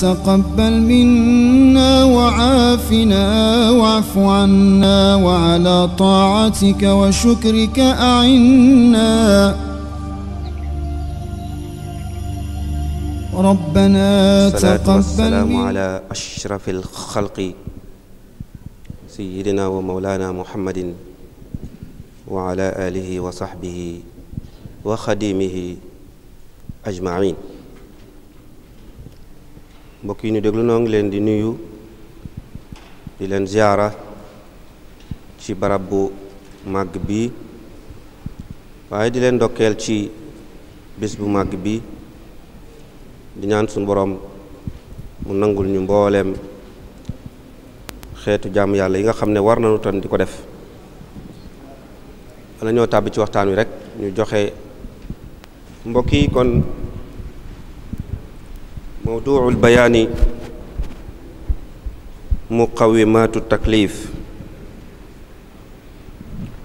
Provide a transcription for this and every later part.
تقبل منا وعافنا واعف عنا وعلى طاعتك وشكرك أعنا ربنا تقبل والسلام على أشرف الخلق سيدنا ومولانا محمد وعلى آله وصحبه وخديمه أجمعين mbokk yi ñu déglu noo ngi leen di nuyu di leen ziyaara ci barab bu màgg bi waaye di leen ndokkeel ci bis bu màgg bi di ñaan suñu boroom mu nangul ñu mbooleem xeetu jàmm yàlla yi nga xam ne war nañu tan di ko def wala ñoo tàbbi ci waxtaan wi rek ñu joxe mbokk yi kon mu xaw wi maatu takliif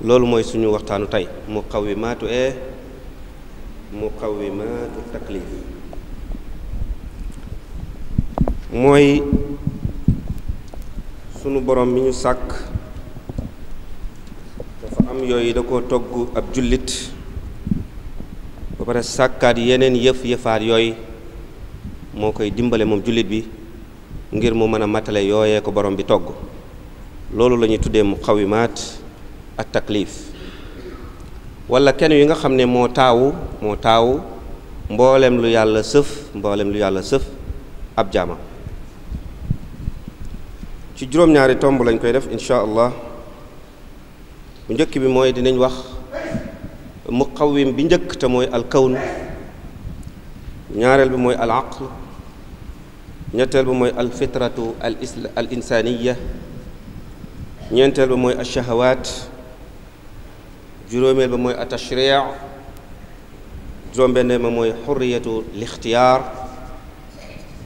loolu mooy suñu waxtaanu tey muqawimaatu e eh? muqawimaatu taklif mooy sunu borom bi ñu sàkk dafa am yooyu da ko togg ab jullit ba pare sàkkaat yeneen yëf yëfaat yooyu moo koy dimbale moom jullit bi ngir mu mën a matale yooyee ko borom bi togg loolu lañuy tuddee mu xawimaat ak taklif wala kenn yi nga xam ne moo taawu moo taawu mboolem lu yàlla sëf mboolem lu yàlla sëf ab jaamam ci juróom-ñaari tomb lañ koy def incha allah bu njëkk bi mooy dinañ wax muqawim bi njëkk te mooy alkawn ñaareel bi mooy al ñetteel bi mooy al fitratu al isla al insaniya ñeenteel ba mooy al shahawaat juróomeel ba mooy al tashriic juróom-benneel mooy xurriyatu lixtiyaar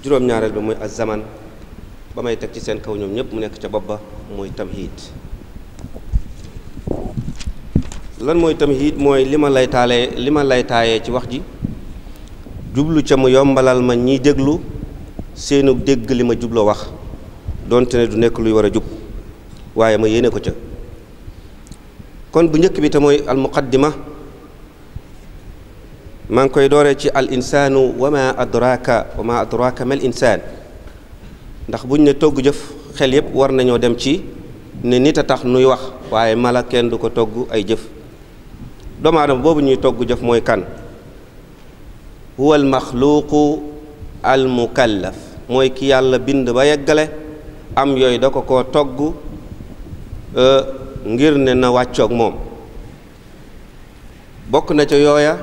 juróom-ñaareel ba mooy al zaman ba may teg ci seen kaw ñoom ñépp mu nekk ca bopp ba mooy tamhiid lan mooy tamhiid mooy li ma lay taalee li ma lay taayee ci wax ji jublu ca mu yombalal ma ñiy déglu seenu dégg li ma jubloo wax donte ne du nekk luy war a jub waaye ma yéene ko ca kon bu njëkk bi te mooy al muqaddima maa ngi koy dooree ci al insaanu wa adraka wa adraka mal insaan ndax buñ ne togg jëf xel yépp war nañoo dem ci ne nit a tax nuy wax waaye mala kenn du ko togg ay jëf doomu boobu ñuy togg jëf mooy kan huwa maxluuqu al mooy ki yàlla bind ba yeggale am yooyu da ko koo togg e, ngir ne na wàccoog moom bokk na ca yooya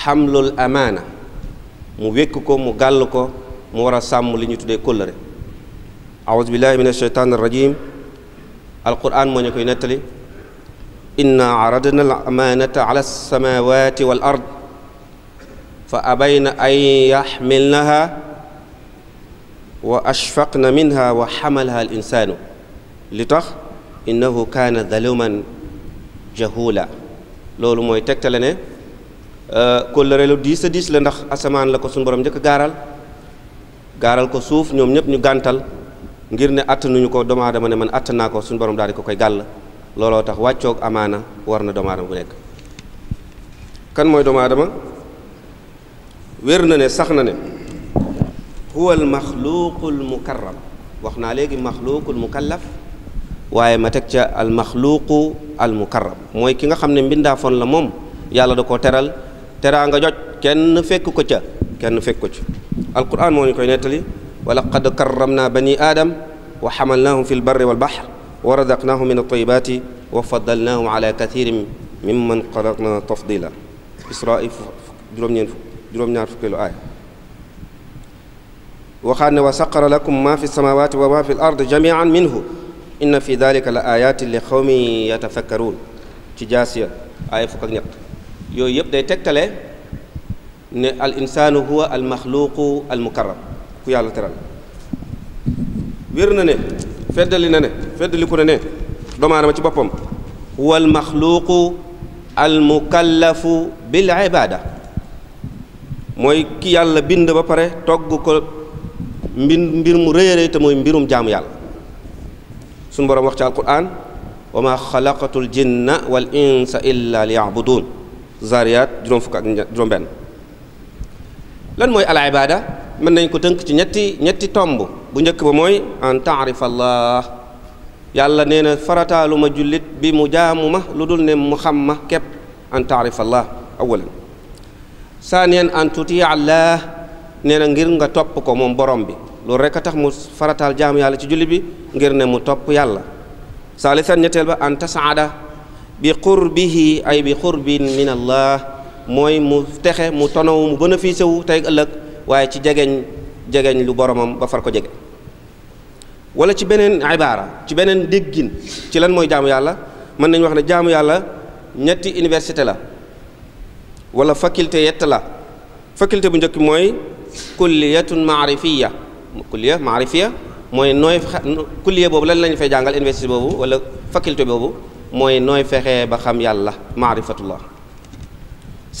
xamlul amaana mu wékk ko mu gàll ko mu war a sàmm li ñu tuddee kóllëre aouzu billahi min asheytaan arrajim alquran moo ñu koy nettali inna aradna al amaanata ala alsamawati ard fa na ay yaxmilnaha wa ashfaqna minha wa xamalaha al insaanu li tax innahu kaana daluman jahula loolu mooy tegtale ne euh, kóllëre lu diis a diis la ndax asamaan la ko suñu borom njëkk gaaral gaaral ko suuf ñoom ñëpp ñu gàntal ngir ne attanuñu ko doomu aadama ne man attan naa ko suñu borom daal di ko koy gàll looloo tax wàccoog amaana war na doomu bu nekk kan mooy doomu aadama wér na ne sax na ne huwa al maxluuqul mukarram wax naa léegi maxluuqul mukallaf waaye ma teg ca al maxluuqu al mooy ki nga xam ne mbindaafoon la moom yàlla da koo teral teraa nga joj kenn fekk ko ca kenn fekk ko ca alquran moo ñu koy nettali wa laqad karramna bani aadam wa xamalnaahum fi lbarri walbaxr wa razaqnaahum min altayibaati wa faddalnaahum ala kathirin mimman xalaqna tafdila israa juróom-ñeent fukk juróom-ñaar fukkeelu aaya waxaat ne wa saqara lakum ma fi samawati wa ma fi l ard jamian minhu inna fi dalika la ayatin li xawmi yatafakkaruun ci jaasiya aaya yooyu yëpp day tegtale ne al insaanu huwa al maxluuqu ku yàlla teral wér na ne feddali na ne na ne doomu aadama ci boppam huwa al maxluuqu bil ibaada mooy kii yàlla bind ba pare togg ko mbir mbir mu rëy a rëy te mooy mbirum jaamu yàlla suñu boroom wax ci alquran wa ma xalaqatul jinna wal insa illa liyabudun zariyat juróom fukk ak juróom benn lan mooy al ibada mën nañ ko tënk ci ñetti ñetti tomb bu njëkk ba mooy an taarif allah yàlla nee na farataalu ma jullit bi mu jaamu ma lu dul ne mu xam ma képp an taarif allah awalan saaneen an tuti allah nee na ngir nga topp ko moom borom bi loolu rek a tax mu farataal jaamu yàlla ci julli bi ngir ne mu topp yàlla saalisan ñetteel ba an tasaada bi qurbihi ay bi qurbin min allah mooy mu texe mu tonow mu bénéfice wu tey ëllëg waaye ci jegeñ jegeñ lu boromam ba far ko jege wala ci beneen ibaara ci beneen déggin ci lan mooy jaamu yàlla mën nañ wax ne jaamu yàlla ñetti université la wala faculté yett la faculté bu njëkk mooy kulliyatun maarifiya kulliya maarifiya mooy nooy kulliya boobu lan lañu fay jàngal université boobu wala faculté boobu mooy nooy fexee ba xam yàlla maarifatullah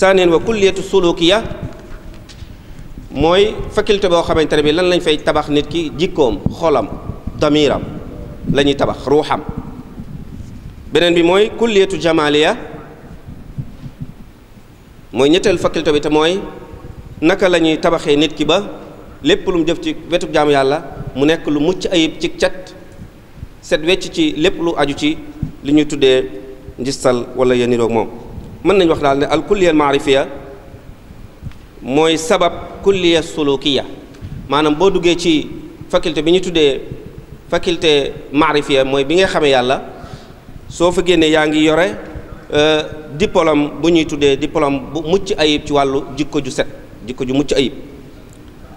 saaneen wa kulliyatu sulukiya mooy faculté boo xamante ne bi lan lañ fay tabax nit ki jikkoom xolam damiram la tabax ruuxam beneen bi mooy kulliyatu jamaliya mooy ñetteelu faculté bi te mooy naka lañuy tabaxee nit ki ba lépp lu mu jëf ci wetu jaamu yàlla mu nekk lu mucc ayib ci cat set wecc ci lépp lu aju ci li ñuy tuddee njistal wala yéen niroog moom mën nañu wax daal ne al kulliya maarifiya mooy sabab kulliya sulukiya maanaam boo duggee ci faculté bi ñuy tuddee faculté maarifiya mooy bi ngay xamee yàlla soo fa génnee yaa ngi yore Euh, diplôme bu ñuy tuddee diplôme bu mucc ayib ci wàllu jikko ju set jikko ju mucc ayib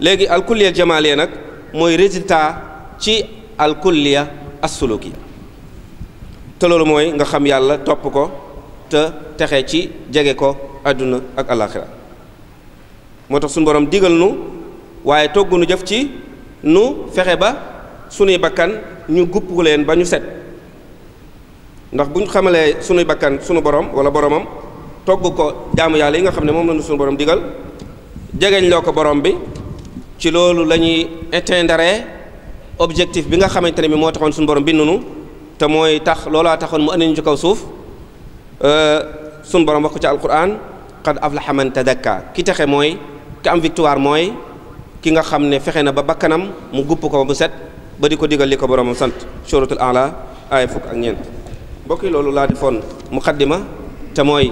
léegi alkulliya jamaaliya nag mooy résultat ci alkulliya assuluki te loolu mooy nga xam yàlla topp ko te texe ci jege ko àdduna ak alaxira moo tax suñu borom digal nu waaye toggu nu jëf ci nu fexe ba sunuy bakkan ñu gupp leen ba ñu set ndax bu ñu xamalee suñuy bakkan suñu borom wala boromam togg ko jaamu yàlla yi nga xam ne moom lañu suñu borom digal jegeñ loo ko borom bi ci loolu lañuy ñuy atteindre objectif bi nga xamante ne bi moo taxoon suñu borom bi nunu te mooy tax loolaa taxoon mu andi ñu ci kaw suuf euh, suñu borom wax ko ci alquran qad aflaha man tadakka ki texe mooy ki am victoire mooy ki nga xam ne fexe na ba bakkanam mu gupp ko mu set ba di ko digal li ko boromam sant suratul ala aaya fukk ak ñeent mbokk yi loolu laa defoon muqaddima te mooy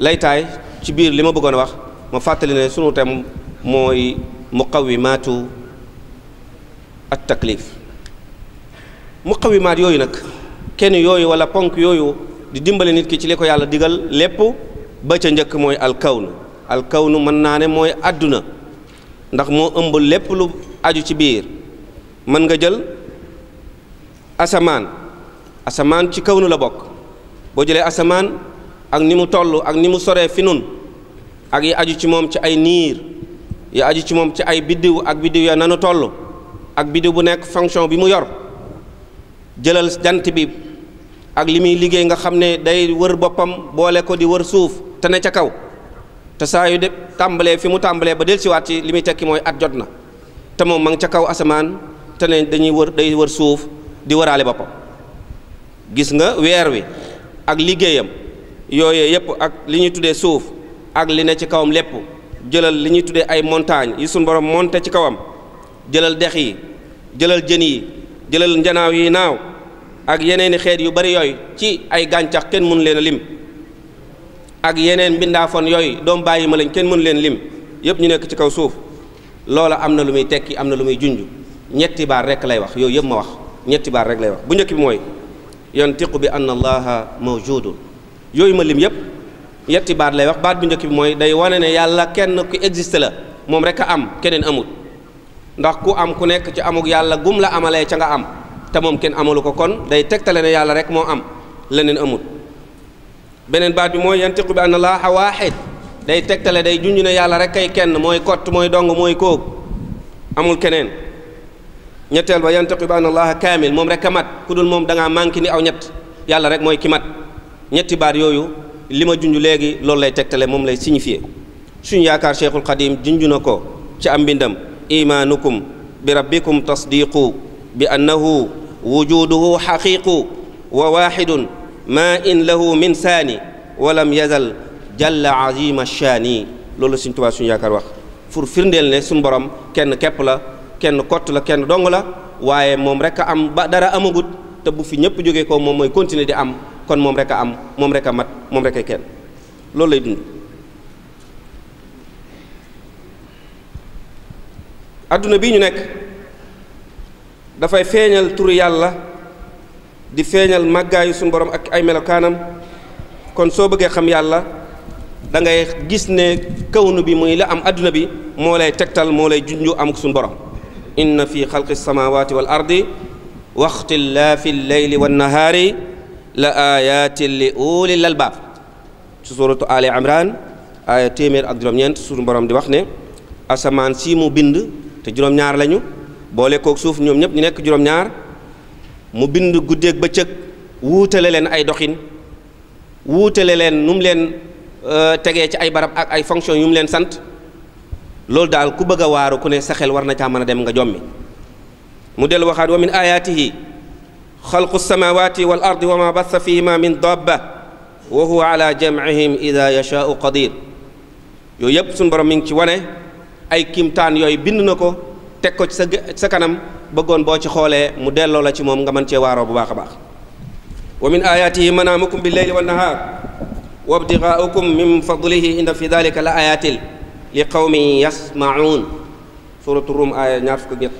laytaay ci biir li ma bëggoon a wax ma fàttali ne sunu tem mooy muqawimaatu at taklif muqawimaat yooyu nag kenn yooyu wala ponk yooyu di dimbali nit ki ci li ko yàlla digal lépp ba ca njëkk mooy alkawnu alkawnu mën naa ne mooy àdduna ndax moo ëmb lépp lu aju ci biir mën nga jël asamaan asamaan ci kaw nu la bokk boo jëlee asamaan ak ni mu toll ak ni mu soree fi nun ak yi aju ci moom ci ay niir yi aju ci moom ci ay biddiw ak biddiw ya nanu toll ak biddiw bu nekk fonction bi mu yor jëlal jant bi ak li muy liggéey nga xam ne day wër boppam boole ko di wër suuf te ne ca kaw te saa yu de tàmbalee fi mu tàmbalee ba dellusiwaat ci li muy tekki mooy at jot na te moom ma ca kaw asamaan te ne dañuy wër day wër suuf di wëraale boppam gis nga weer wi ak liggéeyam yooyu yëpp ak li ñuy tuddee suuf ak li ne ci kawam lépp jëlal li ñuy tuddee ay montagnes yi suñu borom monté ci kawam jëlal dex yi jëlal jën yi jëlal njanaaw yi naaw ak yeneeni xeet yu bari yooyu ci ay gàncax kenn mënu leen a lim ak yeneen mbindaafon yooyu doom bàyyi ma lañ kenn mënu leen lim yëpp ñu nekk ci kaw suuf loola am na lu muy tekki am na lu muy junj ñetti baar rek lay wax yooyu yëpp ma wax ñetti baar rek lay wax bu njëkk mooy yantiqu bi anna allaha mawjudun yooyu ma lim yëpp ñetti baat lay wax baat bi njëkk bi mooy day wane ne yàlla kenn ku existe la moom rek a am keneen amul ndax ku am ku nekk ci amuk yàlla gum la amalee ca nga am te moom kenn amalu ko kon day tegtale ne yàlla rek moo am leneen amul beneen baat bi mooy yantiqu bi anna allaha waaxid day tegtale day junj ne yàlla rek ay kenn mooy kott mooy dong mooy kóog amul keneen ñetteel ba yantaqib an allaha kaamil moom rek a mat ku dul moom danga ngaa ni aw ñett yàlla rek mooy ki mat ñetti baat yooyu li ma junj léegi loolu lay tegtale moom lay signifié suñu yaakaar cheikhul xadim junj na ko ci am mbindam imaanukum bi rabbikum tasdiqu bi annahu wujuduhu xaqiqu wa waxidun ma in lahu min saani walam yazal jalla azima shaani loolu la suñ tubaa suñu yaakaar wax pour firndeel ne suñu borom kenn képp la kenn kott la kenn dong la waaye moom rek a am ba dara amagut te bu fi ñëpp jógee ko moom mooy continuer di am kon moom rek a am moom rek a mat moom rek a kenn loolu lay dund adduna bi ñu nekk dafay feeñal turu yàlla di feeñal màggaayu suñu borom ak ay melokaanam kon soo bëggee xam yàlla dangay gis ne kawnu bi muy la am àdduna bi moo lay tegtal moo lay junju am suñu borom inna fi xalqi samaawaati wal ardi wa ixtilaafi leyli wan nahaari la aayaatin li ulil albaab ci suuratu Ali Imran aaya téeméer ak juróom-ñeent suñu borom di wax ne asamaan si mu bind te juróom-ñaar lañu boole kook suuf ñoom ñëpp ñu nekk juróom-ñaar mu bind guddeeg bëccëg wuutale leen ay doxin wuutale leen nu mu leen euh, tegee ci ay barab ak ay fonction yu mu leen sant loolu daal ku bëgg a waaru ku ne sa xel war na caa mën dem nga jommi mu dellu waxaat wa min ayaatihi xalqu samawati wal ardi wa ma bassa fihima min dabba wa huwa wa jamcihim ida yashaau qadir yooyu yëpp suñu borom mi ngi ci wane ay kimtaan yooyu bind na ko teg ko ci sa kanam bëggoon boo ci xoolee mu delloo la ci moom nga mën cee waaroo bu baax a baax wa min ayaatihi manaamukum bil leyli wan nahaar wa ibtigaaukum min fadlihi inda fi dalika la ayaatil li qawmi yasmaun suratu rum aaya ñaar fukk ak ñett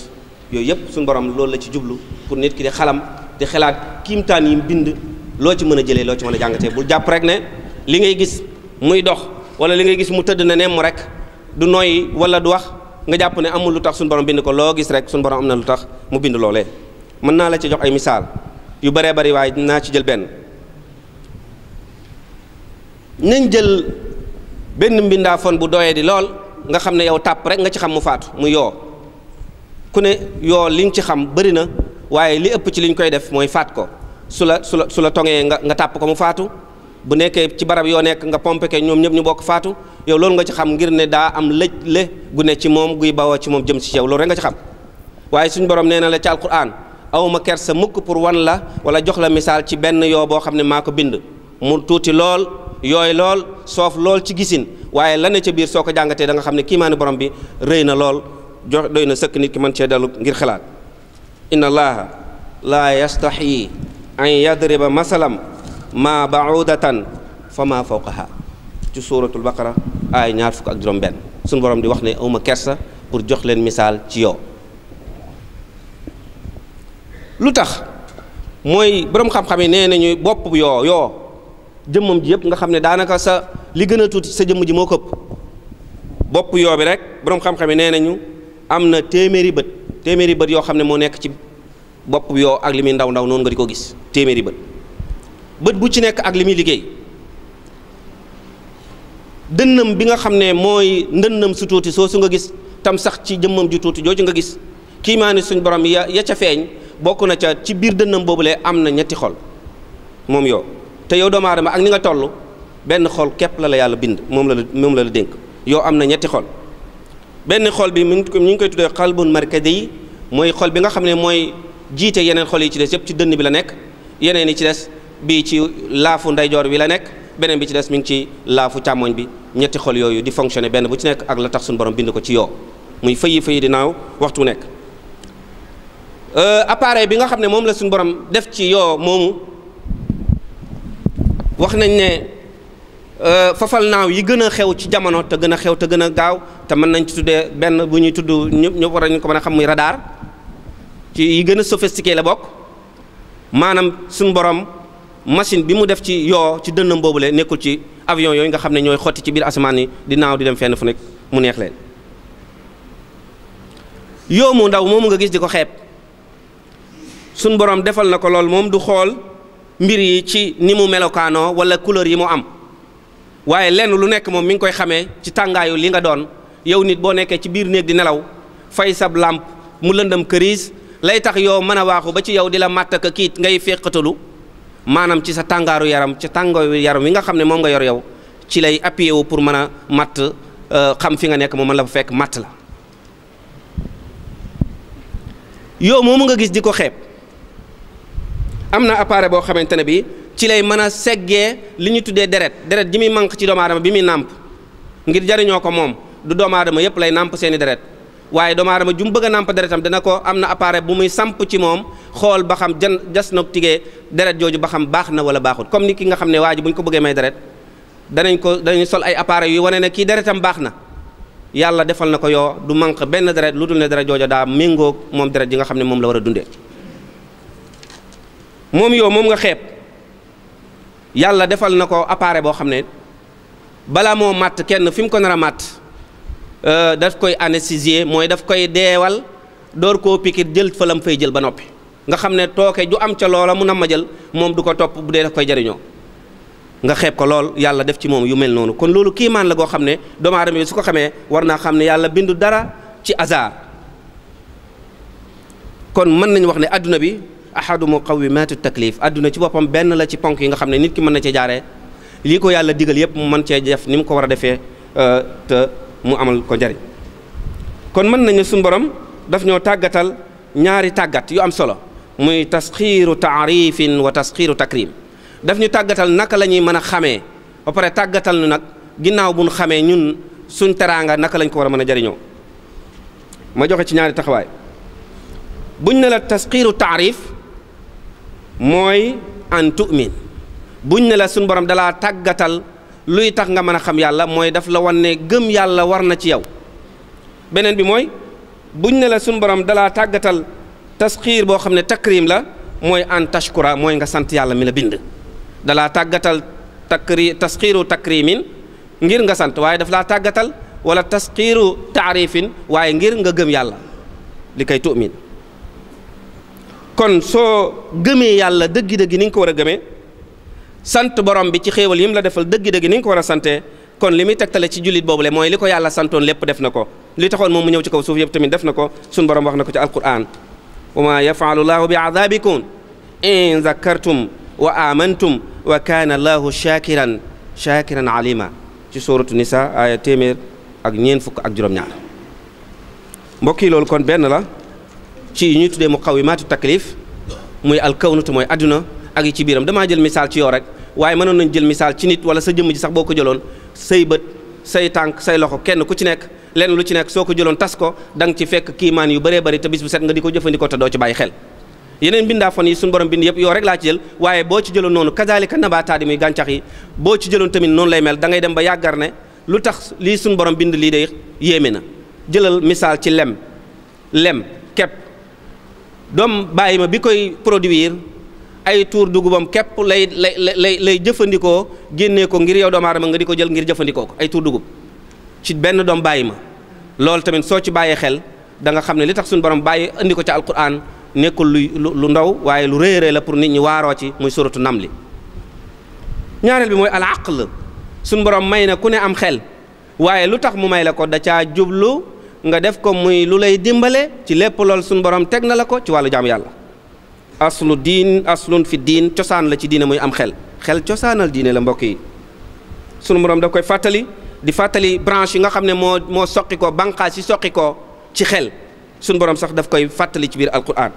yooyu yëpp suñu borom loolu la ci jublu pour nit ki di xalam di xalaat kiimtaan yi mu bind loo ci mën a jëlee loo ci mën a jàngatee bul jàpp rek ne li ngay gis muy dox wala li ngay gis mu tëdd na nemm rek du nooy wala du wax nga jàpp ne amul lu tax suñu borom bind ko loo gis rek suñu borom am na lu tax mu bind loolee mën naa la ci jox ay misaal yu baree bari waaye naa ci jël benn nañ jël benn mbindaafoon bu doyee di lool nga xam ne yow tàpp rek nga ci xam mu faatu mu yoo ku ne yoo liñ ci xam bëri na waaye li ëpp ci liñ koy def mooy faat ko su la su la su la toŋee nga nga tàpp ko mu faatu bu nekkee ci barab yoo nekk nga pompe ke ñoom ñëpp ñu bokk faatu yow loolu nga ci xam ngir ne daa am lëj le gune ci moom guy bawoo ci moom jëm si yow loolu rek nga ci xam waaye suñu borom nee na la ci alquran awma kersa mukk pour wan la wala jox la misaal ci benn yoo boo xam ne maa ko bind mu tuuti lool. yooy lool soof lool ci gisin waaye la ne ca biir soo ko jàngatee da nga xam ne kiimaani borom bi rëy na lool jox doy na sëkk nit ki mën cee dellu ngir xalaat inna allaha laa yastaxyi an yadriba masalam maa baudatan fa maa fawqaha ci suuratul baqara aay ñaar fukk ak juróom benn suñu borom di wax ne awma kersa pour jox leen misaal ci yow lu tax mooy boroom xam-xam yi nee nañu bopp yoo yoo jëmmam ji yépp nga xam ne daanaka sa li gën a tuuti sa jëmm ji moo këpp bopp yoo bi rek boroom xam-xam yi nee nañu am na téeméeri bët téeméeri bët yoo xam ne moo nekk ci bopp yoo ak li muy ndaw ndaw noonu nga ko gis téeméeri bët bët bu ci nekk ak li muy liggéey dënnam bi nga xam ne mooy ndënnam su tuuti soo su nga gis tam sax ci jëmmam ju tuuti jooju nga gis kiimaani suñ borom ya ya ca feeñ bokk na ca ci biir dënnam boobule am na ñetti xol moom yoo te yow doomu aadama ak ni nga toll benn xol képp la la yàlla bind moom la la moom la la dénk yow am na ñetti xol benn xol bi mu ñu ngi koy tuddee xalbun markadi yi mooy xol bi nga xam ne mooy jiite yeneen xol yi ci des yëpp ci dënn bi la nekk yeneen yi ci des bii ci laafu ndeyjoor bi la nekk beneen bi ci des mi ngi ci laafu càmmoñ bi ñetti xol yooyu di fonctionner benn bu ci nekk ak la tax suñu borom bind ko ci yoo muy fëyi fëyi di naaw waxtu nekk euh, bi nga xam ne moom la suñu borom def ci yoo moomu wax nañ ne euh, fafal naaw yi gën a xew ci jamono te gën a xew te gën a gaaw te mën nañ ci tuddee benn bu ñuy tudd ñëpp ñëpp war nañ ko mën a xam muy radar ci yi gën a sophistiqué la bokk maanaam suñu borom machine bi mu def ci yoo ci dënnam boobule nekkul ci avion yooyu nga xam ne ñooy xotti ci biir asamaan yi di naaw di dem fenn fu nekk mu neex leen yoo mu ndaw moom nga gis di ko xeeb suñu borom defal na ko lool moom du xool. mbir yi ci ni mu melokaanoo wala couleur yi mu am waaye lenn lu nekk moom mi ngi koy xamee ci tàngaayu li nga doon yow nit boo nekkee ci biir néeg di nelaw fay sab làmp mu lëndëm këriis lay tax yow mën a waaxu ba ci yow di la matt ak kiit ngay féqatalu maanaam ci sa tàngaaru yaram ci tàngaaru yaram wi nga xam ne moom nga yor yow ci lay appuyé wu pour mën a matt euh, xam fi nga nekk mu mën la fa fekk matt la yow moomu nga gis di ko xeeb am na appareil boo xamante ne bi ci lay mën a seggee li ñu tuddee deret deret ji muy manque ci doomu bi muy nàmp ngir jariñoo ko moom du doomu aadama yépp lay nàmp seeni deret waaye doomu aadama ju mu bëgg a nàmp deretam dana ko am na appareil bu muy samp ci moom xool ba xam jan jas nag tigee deret jooju ba xam baax na wala baaxut comme ni kii nga xam ne waa ji bu ñu ko bëggee may deret danañ ko danañ sol ay appareil yu wane ne kii deretam baax na yàlla defal na ko yoo du manque benn deret lu dul ne deret jooju daa méngoog moom deret ji xam ne moom la war a dundee moom yow moom nga xeeb yàlla defal na ko appareil boo xam ne balaa moo màtt kenn fi mu ko nar a màtt euh, daf koy anesthésier mooy daf koy deewal door koo pikir jël fa lam fay jël ba noppi nga xam ne tooke ju am ca loola mu nam ma jël moom du ko topp bu dee daf koy jariñoo nga xeeb ko lool yàlla def ci moom yu mel noonu kon loolu kiimaan la goo xam ne doomu aadama bi su ko xamee war naa xam ne yàlla bindu dara ci hasard kon mën nañu wax ne àdduna bi ahadu muqawimaatu taklif adduna ci boppam benn la ci ponk yi nga xam ne nit ki mën na cee jaaree lii ko yàlla digal yëpp mu mën cee def ni mu ko war a defee euh, te mu amal ko njariñ kon mën nañu suñ borom daf ñoo tàggatal ñaari tàggat yu am solo muy tasxiiru taarifin wa tasxiiru takrim daf ñu tàggatal naka la ñuy mën a xamee ba pare tàggatal nu nag ginnaaw bu ñu xamee ñun suñ teraanga naka lañ ko war a mën a jariñoo ma joxe ci ñaari taxawaay buñ ne mooy an tu'min buñ ne la suñ borom dalaa tàggatal luy tax nga mën a xam yàlla mooy daf la wan ne gëm yàlla war na ci yow beneen bi mooy buñ ne la suñ borom dalaa tàggatal tasxiir boo xam ne takrim la mooy an tashkura mooy nga sant yàlla mi la bind dalaa tàggatal takri tasxiiru takrimin ngir nga sant waaye daf laa tàggatal wala tasxiiru taarifin waaye ngir nga gëm yàlla li koy tu'min kon soo gëmee yàlla dëggi-dëggi ni nga ko war a gëmee sant borom bi ci xéewal yi mu la defal dëggi-dëggi ni nga a sante kon li muy tegtale ci jullit boobule mooy li ko yàlla santoon lépp def na ko li taxoon moom mu ñëw ci kaw suuf yëpp tamit def na ko suñ borom wax na ko ci alquran wa maa yafaalu laahu bi aadabikum in zakartum wa amantum wa kaana laahu shakiran shakiran alima ci suratu nisa aaya téeméer ak ñeen fukk ak juróom-ñaar mbokk yi loolu kon benn la ci yi ñuy tuddee mu xawimaatu taklif muy alkawnatu mooy adduna ak yi ci biiram damaa jël misaal ci yoo rek waaye mënoon nañ jël misaal ci nit wala sa jëmm ji sax boo ko jëloon say bët say tànk say loxo kenn ku ci nekk lenn lu ci nekk soo ko jëloon tas ko da nga ci fekk kiimaan yu bëree bëri te bis bu set nga di ko jëfandikoo te doo ci bàyyi xel yeneen bindaa fon yi suñu borom bind yëpp yow rek laa ci jël waaye boo ci jëloon noonu kazalika nabaataat yi muy gàncax yi boo ci jëloon tamit noonu lay mel da ngay dem ba yàggar ne tax lii suñu borom bind lii day yéeme na jëlal misaal ci lem doom bàyyi ma bi koy produire ay tuur dugubam képp lay lay lay lay jëfandikoo génnee ko ngir yow doomu aadama nga di ko jël ngir jëfandikoo ko ay tuur dugub ci benn doom bàyyi ma loolu tamit soo ci bàyyee xel danga xam ne li tax suñu borom bàyyi indi ko ca alquran nekkul lu lu ndaw waaye lu rëy a la pour nit ñi waaroo ci muy suratu nam li ñaareel bi mooy al aql suñu borom may na ku ne am xel waaye lu tax mu may la ko da caa jublu nga def ko muy lu lay dimbale ci lépp lool suñu borom teg na la ko ci wàllu jaamu yàlla aslu diin aslun fi diin cosaan la ci diine muy am xel xel cosaanal diine la mbokk yi sunu borom daf koy fàttali di fàttali branche yi nga xam ne moo moo soqi ko banqaas yi soqi ko ci xel suñu borom sax daf koy fàttali ci biir alquran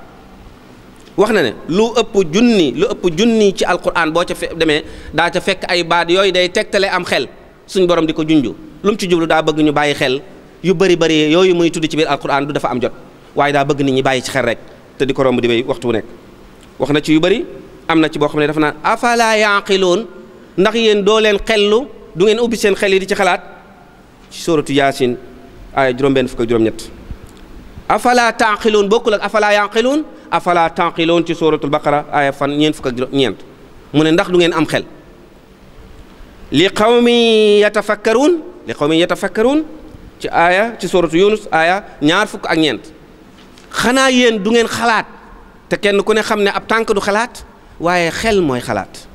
wax na ne lu ëpp junni lu ëpp junni ci alquran boo ca fe demee daa ca fekk ay baat yooyu day tegtale am xel suñu borom di ko junju lu ci jublu daa bëgg ñu bàyyi xel yu bëri bëri yooyu muy tudd ci biir alquran du dafa am jot waaye daa bëgg nit ñi bàyyi ci xel rek te di ko romb di bay waxtu wu nekk wax na ci yu bari am na ci boo xam ne dafa naan afala yaqiloon ndax yéen doo leen xellu du ngeen ubbi seen xel yi di ci xalaat ci sóoratu yaasin aaya juróom-benn fukk ak juróom-ñett afalaa taqiloon bokkul ak afala yaqiloon afala taqiloon ci sóoratul baqara aaya fan ñeent fukk juróom-ñeent mu ne ndax du ngeen am xel li qawmi yatafakkaruun li qawmi yatafakkaruun ci aaya ci suratu yunus aaya ñaar fukk ak ñeent xanaa yéen du ngeen xalaat te kenn ku ne xam ne ab tànk du xalaat waaye xel mooy xalaat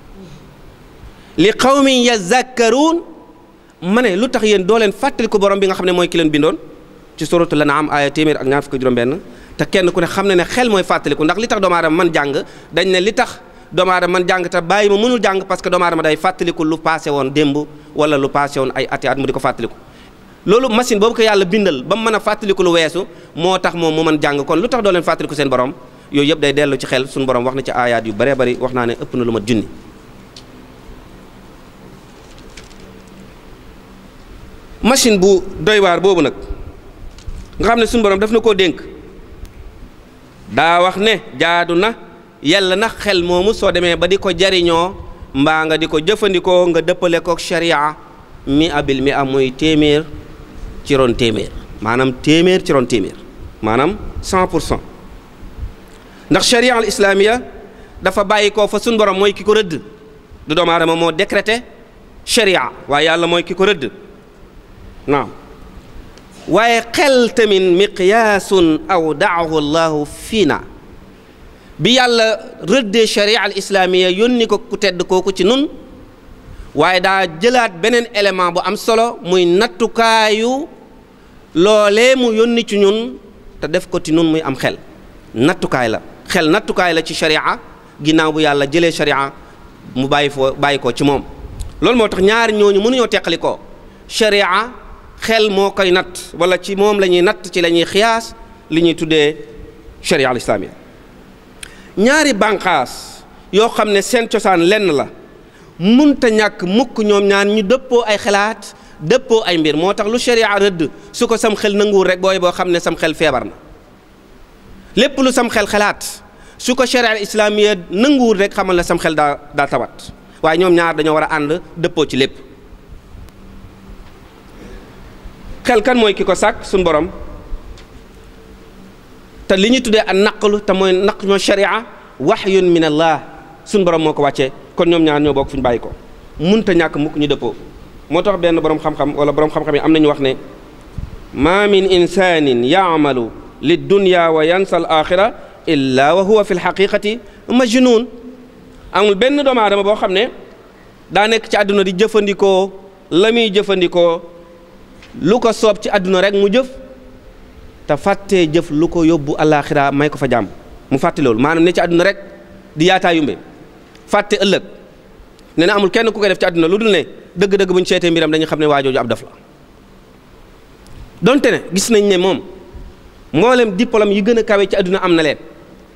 li qawmin yazakkaruun ma ne lu tax yéen doo leen fàttali ko borom bi nga xam ne mooy ki bindoon ci suratu lanaam aaya téeméer ak ñaar fukk juróom-benn te kenn ku ne xam ne ne xel mooy fàttaliku ndax li tax doomu aadama man jàng dañ ne li tax doomu aadama man jàng te bàyyi ma mënul jàng parce que doomu aadama day fàttaliku lu paase woon démb wala lu paase woon ay ati at ko fàttaliku loolu machine boobu ko yàlla bindal ba mu mën a fàttaliku lu weesu moo tax moom mu mën jàng kon lu tax doo leen fàttaliku seen borom yooyu yëpp day dellu ci xel suñu borom wax na ci aayaat yu bëree bëri wax naa ne ëpp na lu mat junni machine bu doy waar boobu nag nga xam ne suñu borom daf na koo dénk daa wax ne jaadu na yàlla na xel moomu soo demee ba di ko jariñoo mbaa nga di ko jëfandikoo nga dëppale kook sharia mi abil mi am muy téeméer ci ron téeméer maanaam téeméer ci ron téeméer maanaam cent pour cent ndax charia al islaamiya dafa bàyyi koo fa suñ borom mooy ki ko rëdd du doomu aadama moo décrété charia waaye yàlla mooy ki ko rëdd naam waaye xel tamit miqyaasun aw daahu llahu fiina bi yàlla rëddee charia al islaamiya yónni ko ku tedd kooku ci nun waaye daa jëlaat beneen élément bu am solo muy nattukaayu loolee mu yónni ci ñun te def ko ci ñun muy am xel nattukaay la xel nattukaay la ci sharia ginnaaw bu yàlla jëlee sharia mu bàyyi foo bàyyi ko ci moom loolu moo tax ñaari ñooñu mënuñoo teqali ko sharia xel moo koy natt wala ci moom la ñuy natt ci lañuy ñuy xiyaas li ñuy tuddee sharia al islaamia ñaari bànqaas yoo xam ne seen cosaan lenn la te ñàkk mukk ñoom ñaan ñu dëppoo ay xalaat dëppoo ay mbir moo tax lu sharia rëdd su ko sam xel nanguwul rek booy boo xam ne sam xel feebar na lépp lu sam xel xalaat su ko sharia islamiya nanguwul rek xamal na sam xel daa daa tawat waaye ñoom ñaar dañoo war a ànd dëppoo ci lépp xel kan mooy ki ko sàkk suñ borom te li ñu tuddee an naqlu te mooy naq ñoo sharia wahyun min allah suñ borom moo ko wàccee kon ñoom ñaar ñoo bokk fu ñu bàyyi ko munta ñàkk mukk ñu dëppoo moo tax benn boroom xam-xam wala boroom xam-xam yi am nañu wax ne ma min insanin yaamalu li dunya wa yansa al axira illa wa huwa fi lxaqiqati majnun amul benn doomu boo xam ne daa nekk ci àdduna di jëfandikoo la muy jëfandikoo lu ko soob ci àdduna rek mu jëf te fàttee jëf lu ko yóbbu alaxira may ko fa jàmm mu fàtte loolu ne ci àdduna rek di yaataa fàtte ëllëg nee na amul kenn ku koy def ci àdduna lu dul ne dëgg-dëgg bu ñu seetee mbiram dañu xam ne waa jooju ab daf la donte ne gis nañ ne moom mboolem diplôme yi gën a kawe ci àdduna am na leen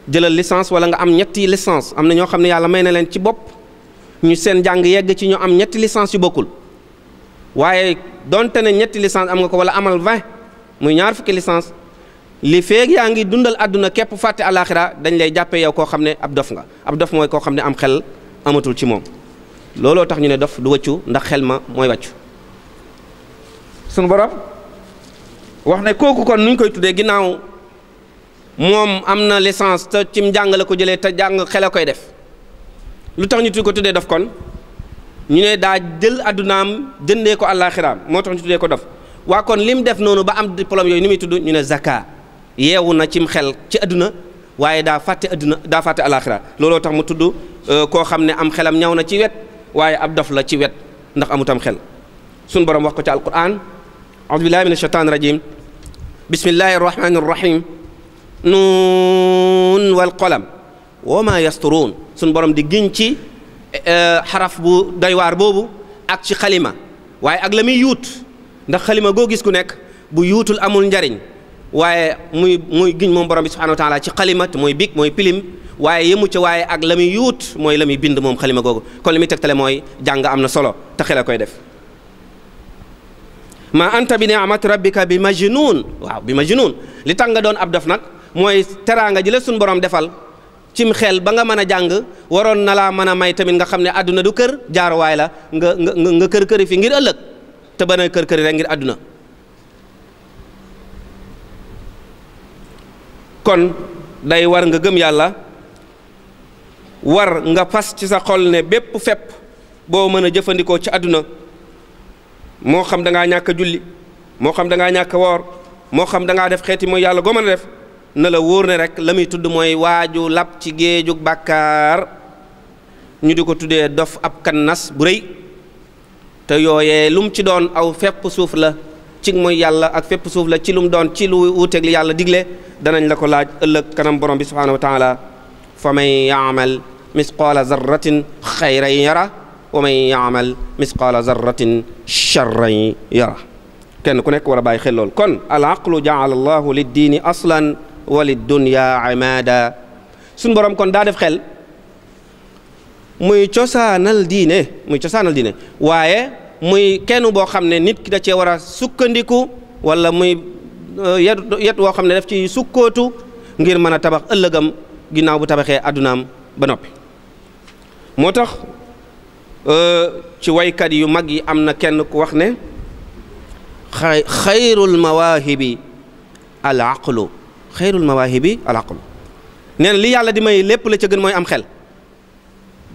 jëlal licence wala nga am ñetti licence am na ñoo xam ne yàlla may na leen ci bopp ñu seen jàng yegg ci ñu am ñetti licence yu bokkul waaye donte ne ñetti licence am nga ko wala amal vingt muy ñaar fukki licence li feeg yaa ngi dundal àdduna képp fàtte alaaxira dañ lay jàppee yow koo xam ne ab dof nga ab dof mooy koo xam ne am xel amatul ci moom looloo tax ñu ne dof du wëccu ndax xel ma mooy wàccu sunu borom wax ne kooku kon nuñ koy tuddee ginnaaw moom am na licence te cim jàng la ko jëlee te jàng xel a koy def lu tax ñu tudd ko tuddee dof kon ñu ne daa jël addunaam jëndee ko alaaxiraam moo tax ñu tuddee ko dof waa kon lim def noonu ba am diplôme yooyu ni muy tudd ñu ne zaka yeewu na cim xel ci àdduna waaye daa fàtte àdduna daa fàtte alaaxira looloo tax mu tudd euh, koo xam ne am xelam ñaw na ci wet waaye ab dof la ci wet ndax amutam xel suñ borom wax ko ci alquran audu billahi min ashaitan rajim bismillahi arrahmani arrahim nuun wal qalam wa ma yasturuun suñ borom di giñ ci e-, e-, xaraf bu daywaar boobu ak ci xalima waaye ak la muy yuut ndax xalima goo gis ku nekk bu yuutul amul njariñ waaye muy muy giñ moom borom bi subhanahu wa taala ci xalimat mooy big mooy pilim waaye yëmu ca waaye ak la muy yuut mooy la muy bind moom xalima googu kon li muy tegtale mooy jàng am na solo te xel a koy def ma anta bi ni'mat rabbika bi majnun waaw bi majnun li tax nga doon ab dof nag mooy teraanga ji la suñu borom defal cim xel ba nga mën a jàng waroon na laa mën a may tamit nga xam ne àdduna du kër jaaruwaay la nga nga kër këri fi ngir ëllëg te bana kër këri rek ngir àdduna kon day war nga gëm yàlla war nga fas ci sa xol ne bépp fepp boo mën a jëfandikoo ci àdduna moo xam da ñàkk a julli moo xam da ngaa ñàkk woor moo xam da def xeeti mooy yàlla goo mën a def na la wóor ne rek la muy tudd mooy waaju lab ci géejug bàkkaar ñu di ko tuddee dof ab kannas bu rëy te yooyee lum ci doon aw fepp suuf la ci mooy yàlla ak fépp suuf la ci lu doon ci lu wuuteeg li yàlla digle danañ la ko laaj ëllëg kanam borom bi subhaanahu wa taala fa man yaamal misqaala zarratin xayran yara wa man yaamal misqaala zarratin charran yara kenn ku nekk war a bàyyi xel lool kon al aqlu jaala allahu lid diini wa lid dunya imaada suñ borom kon daa def xel muy cosaanal diine muy cosaanal diine waaye muy kenn boo xam ne nit ki da cee war a sukkandiku walla muy euh, yet woo xam ne daf ci sukkootu ngir mën a tabax ëllëgam ginnaaw bu tabaxee àddunaam ba noppi moo tax euh, ci waykat yu mag yi am na kenn ku wax ne xay xayrul mawaahibi al aqlu xayrul mawaahibi al aqlu nee na li yàlla di may lépp la ca gën mooy am xel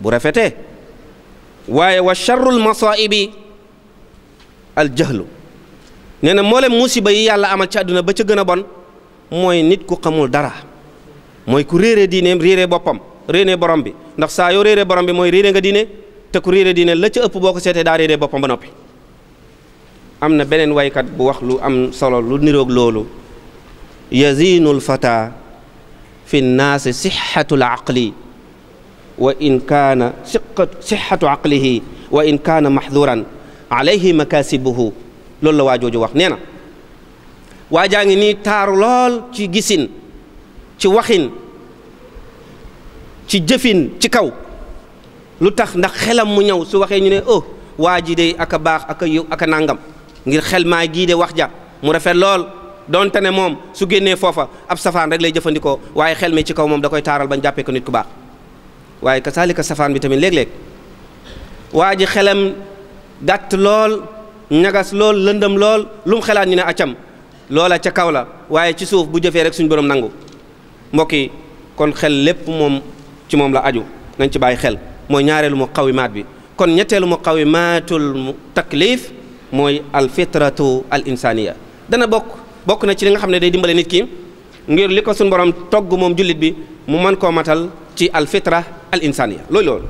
bu rafetee waaye wa charrul masaibi al jahlu nee na mboolem musiba yi yàlla amal ci àdduna ba ca gën a bon mooy nit ku xamul dara mooy ku réeree diineem réeree boppam réeree borom bi ndax saa yoo réeree borom bi mooy réeree nga diine te ku réeree diine la ëpp boo ko seete daa réeree boppam ba noppi. am na beneen waykat bu wax lu am solo lu niroog loolu yazinul fata fi nnaasi sixatul aqli wa in kaana siqatu sixatu aqlihi wa in kaana maxduran alayhi makasibuhu loolu la waa jooju wax nee na waa jaa ngi nii taaru lool ci gisin ci waxin ci jëfin ci kaw lu tax ndax xelam mu ñëw su waxee ñu ne oh waa ji de aka baax aka yow aka nangam ngir xel maa gii de wax ja mu rafet lool donte ne moom su génnee foofa ab safaan rek lay jëfandikoo waaye xel mi ci kaw moom da koy taaral bañ jàppee ko nit ku baax waaye kasaalika safaan bi tamit léeg-léeg waa xelam gàtt lool ñagas lool lëndëm lool lu mu xelaat ñu ne acam loola ca kaw la waaye ci suuf bu jëfee rek suñ borom nangu mbokk yi kon xel lépp moom ci moom la aju nañ ci bàyyi xel mooy ñaareelu mu maat bi kon ñetteelu mu qawimaatul taklif mooy al fitratu al dana bokk bokk na ci li nga xam ne day dimbale nit kii ngir li ko suñ borom togg moom jullit bi mu mën koo matal ci al fitra al loolu loolu